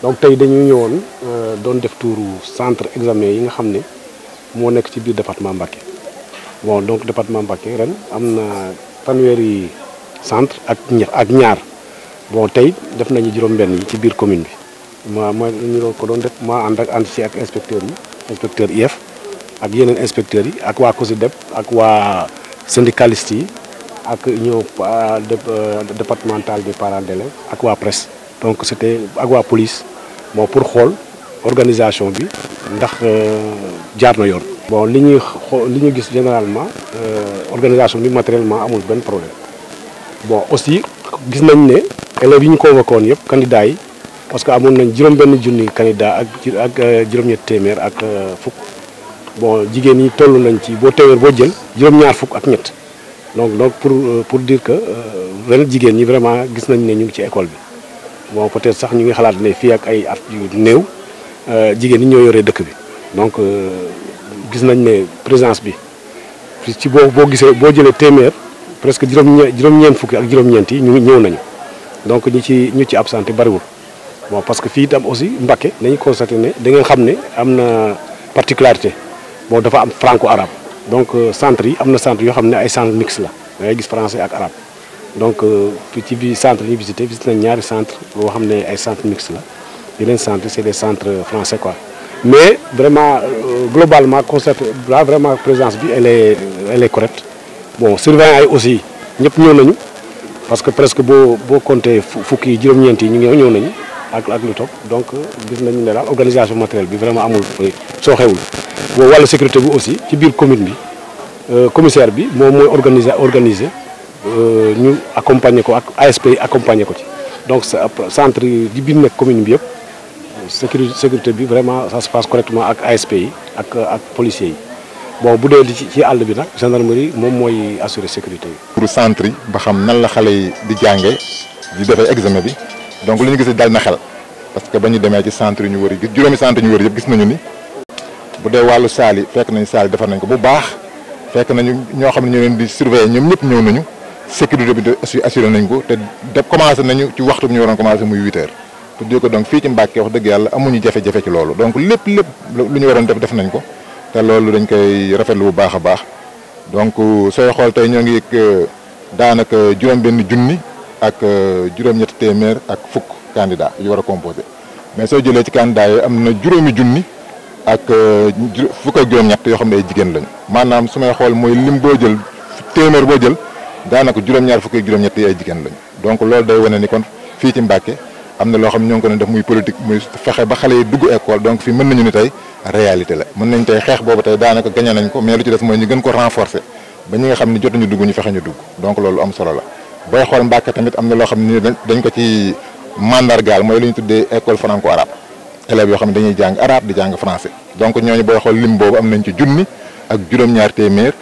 donc tey dañu ñëwoon euh, doon def tuuru centre examen yi nga xam ne moo nekk ci biir département Mbacké bon donc département Mbacké ren am na fanweeri centre ak ak ñaar bon tey def nañu juróom-benn yi ci biir commune bi ma ma ñu doon ko doon def maa ànd ak ànd si ak inspecteur yi inspecteur IF ak yeneen inspecteurs yi ak waa COSYDEP ak waa syndicaliste yi ak ñëw euh, départemental des parents d'élèves ak waa presse donc c'était ak waa police bon pour xool organisation bi ndax euh, jaar na yoon. bon li ñuy xool li ñu gis généralement euh, organisation bi matériellement amul benn problème bon aussi gis nañ ne élèves yi ñu convoqué woon yëpp candidats yi parce que amoon nañ juróom-benn junni candidat ak ak euh, juróom-ñett téeméer ak fukk bon jigéen ñi toll nañ ci boo téeméer boo jël juróom-ñaar fukk ak ñett donc donc pour pour dire que ren jigéen ñi vraiment gis nañ ne ñu ngi ci école bi. bon peut-être sax ñu ngi xalaat ne fii ak ay at yu néew euh, jigéen ñi ñoo yore dëkk bi donc euh, gis nañ ne présence bi ci boo boo gisee boo jëlee téeméer presque juróom-ñe juróom-ñeent fukki ak juróom-ñeent yi ñu ñëw nañu donc ñi ci ñu ci absenté bariwul bon parce que fii itam aussi Mbacké nañu constaté ne da ngeen xam ne am na particularité bon dafa am franco arabe donc euh, centre yi am na centre yoo xam ne ay centre mixte la da ngay gis français ak arabe donc euh, ci biir centre yi ñu visité visité nañ ñaari centre boo xam ne ay centre mixte la yeneen centre c' est des centres français quoi mais vraiment euh, globalement concept là vraiment présence bi elle est elle est correcte bon surveillant ay aussi ñëpp ñëw nañu parce que presque boo boo compté fukki juróom-ñeent yi ñu ngi ñëw nañu ak ak lu topp donc gis nañu ne daal organisation matériel bi vraiment amul soo xewul boo wàllu sécurité bi aussi ci biir commune bi euh, commissaire bi moom organiser organiser Euh, ñu accompagner ko ak ASP yi accompagner ko ci donc centre yi biir nekk commune bi yëpp sécurité sécurité bi vraiment ça se passe correctement ak ASP yi ak ak policiers yi bon bu dee di ci ci àll bi nag gendarmerie moom mooy assurer sécurité yi. pour centre yi ba xam nan la xale yi di jànge di defee examen bi donc li ñu gis dal xel parce que ba demee ci centre ñu wër yi juróomi centre ñu wër yëpp gis nañu ni bu dee wàllu saal yi fekk nañu saal yi defar nañ ko bu baax fekk nañu ñoo xam ne ñu leen di surveiller ñoom ñëpp ñëw nañu. sécurité bi de assuré nañ ko te de commencé nañu ci waxtu bi ñu waroon commencé muy huit heures. pour ko donc fii ci Mbàkke wax dëgg yàlla amuñu jafe-jafe ci loolu donc lépp lépp lu ñu waroon def def nañ ko te loolu dañ koy rafetlu bu baax a baax donc euh, sooy xool tey ñoo ngi euh, daanaka juróom-benn junni ak euh, juróom-ñetti téeméer ak fukk candidat yu war a composé mais soo jëlee ci candidat am na juróomi junni ak fukk ak juróom-ñett yoo xam ne ay jigéen lañu maanaam su may xool mooy lim boo jël téeméer boo jël. daanaka juróom-ñaar fukki juróom-ñett ay jigéen lañ donc loolu day wane ni kon fii ci Mbàkke am na loo xam ñoo ngi ko doon def muy politique muy fexe ba xale yi dugg école donc fi mën nañu ni tey réalité la mën nañ tey xeex boobu tey daanaka gañe nañ ko mais lu ci des mooy ñu gën ko renforcer ba ñi nga xam ne jotuñu dugg ñu fexe ñu dugg donc loolu am solo la booy xool Mbàkke tamit am na loo xam ne dañ ko ci mandargaal mooy lu ñu tuddee école franco arabe yoo xam ne dañuy jàng arabe di jàng français donc ñooñu booy xool lim boobu am nañ ci junni ak juróom-ñaar téeméer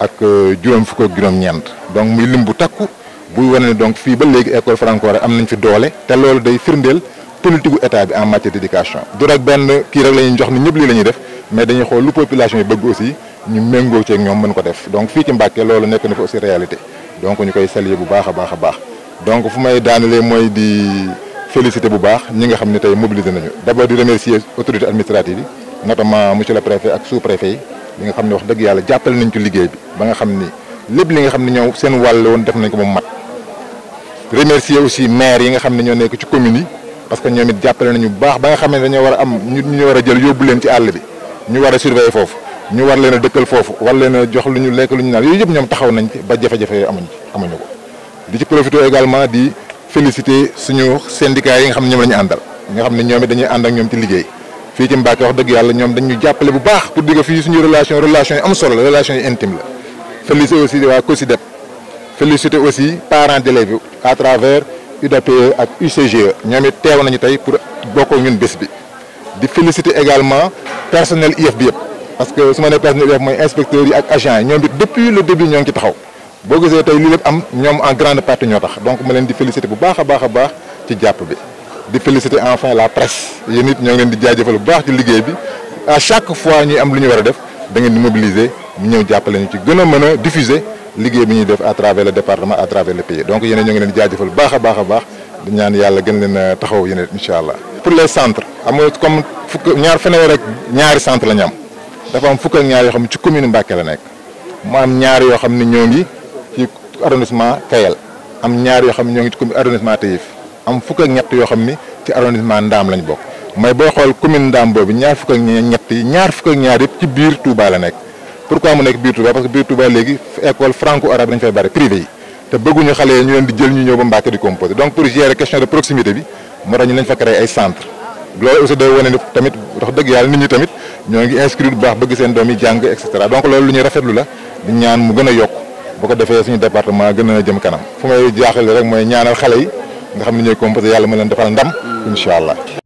ak euh, juróom fukk ak juróom-ñeent donc muy lim bu takku buy wane ne donc fii ba léegi école franco arabe am nañ fi doole te loolu day firndeel politique gu état bi en matière d' éducation du rek benn kii rek la ñuy jox ni ñëpp lii la ñuy def mais dañuy xool lu population yi bëgg aussi ñu méngoo ceeg ñoom mën ko def donc fii ci Mbàkke loolu nekk na fa aussi réalité donc ñu koy saluer bu baax a baax a baax donc fu may daanelee mooy di félicité bu baax ñi nga xam ne tey mobilisé nañu d' abord di remercier autorités administratives yi notamment monsieur le préfet ak sous préfet li nga xam ne wax dëgg yàlla jàppale nañ ci liggéey bi ba nga xam ni lépp li nga xam ne ñoom seen wàll woon def nañ ko ba mu mat remercier aussi xam ne ñoo nekk ci commune yi parce que ñoomit jàppale nañu bu baax ba nga xam ne dañoo war a am ñu ñu war a jël yóbbu leen ci àll bi ñu war a surveiller foofu ñu war leen a dëkkal foofu war leen jox lu ñu lekk lu ñu naan yooyu yëpp ñoom taxaw nañ ci ba jafe-jafe yooyu amuñ amuñu ko di ci profiter également di féliciter suñu syndicat yi nga xam ne ñoom la ñu àndal nga xam ne ñoom it dañuy ñoom ci liggéey fii ci Mbacke wax dëgg yàlla ñoom dañ ñu jàppale bu baax pour dire fii suñu relation relation yi am solo la relation yi intime la félicité aussi waa COSIDEP félicité aussi parents d'élèves bi à travers UDAPE ak UCGE ñoom it teew nañu tey pour bokkoo ñun bés bi di félicité également personnel IEF bi yëpp parce que su ma nee personnel IEF mooy inspecteurs yi ak agents yi ñoom it depuis le début ñoo ci taxaw boo gisee tey lii lépp am ñoom en grande partie ñoo tax donc ma leen di félicité bu baax a baax a baax jàpp bi di féliciter enfin la presse yéen it ñoo ngeen di jaajëfal bu baax ci liggéey bi à chaque fois ñuy am lu ñu war a def dangeen di mobiliser mu ñëw jàppale ñu ci gën a mën a diffuser liggéey bi ñuy def à travers le département à travers le pays donc yéen ñoo ngi leen di jaajëfal baax a baax a baax di ñaan yàlla gën leen a taxaw yéen incha allah. pour les centre am nga comme fukk ñaar fanweer rek ñaari centre la ñu am dafa am fukk ñaar yoo xam ne ci commune Mbacké la nekk mu am yoo xam ne ñoo ngi ci arrondissement Kayel ñaar yoo xam ñoo ngi ci commune arrondissement am fukk ak ñett yoo xam ni ci arrondissement Ndaam lañ bokk mooy booy xool commune Ndaam boobu ñaar fukk ak ñett yi ñaar fukk ak ñaar yëpp ci biir Touba la nekk. pourquoi mu nekk biir Touba parce que biir Touba léegi école franco arabe dañ fay bari privé yi te bëgguñu xale yi ñu leen di jël ñu ñëw ba Mbàkke di composé donc pour gérer question de proximité bi moo tax ñu lañ fa créé ay centre loolu aussi day wane tamit wax dëgg yàlla nit ñi tamit ñoo ngi inscrire bu baax bëgg seen doom yi jàng et cetera donc lu ñuy rafetlu la di ñaan a yokk bu ko defee suñu département gën a jëm kanam fu may jaaxale rek mooy ñaanal xale yi nga xam ne ñooy composé yàlla ma leen defal ndam. incha allah.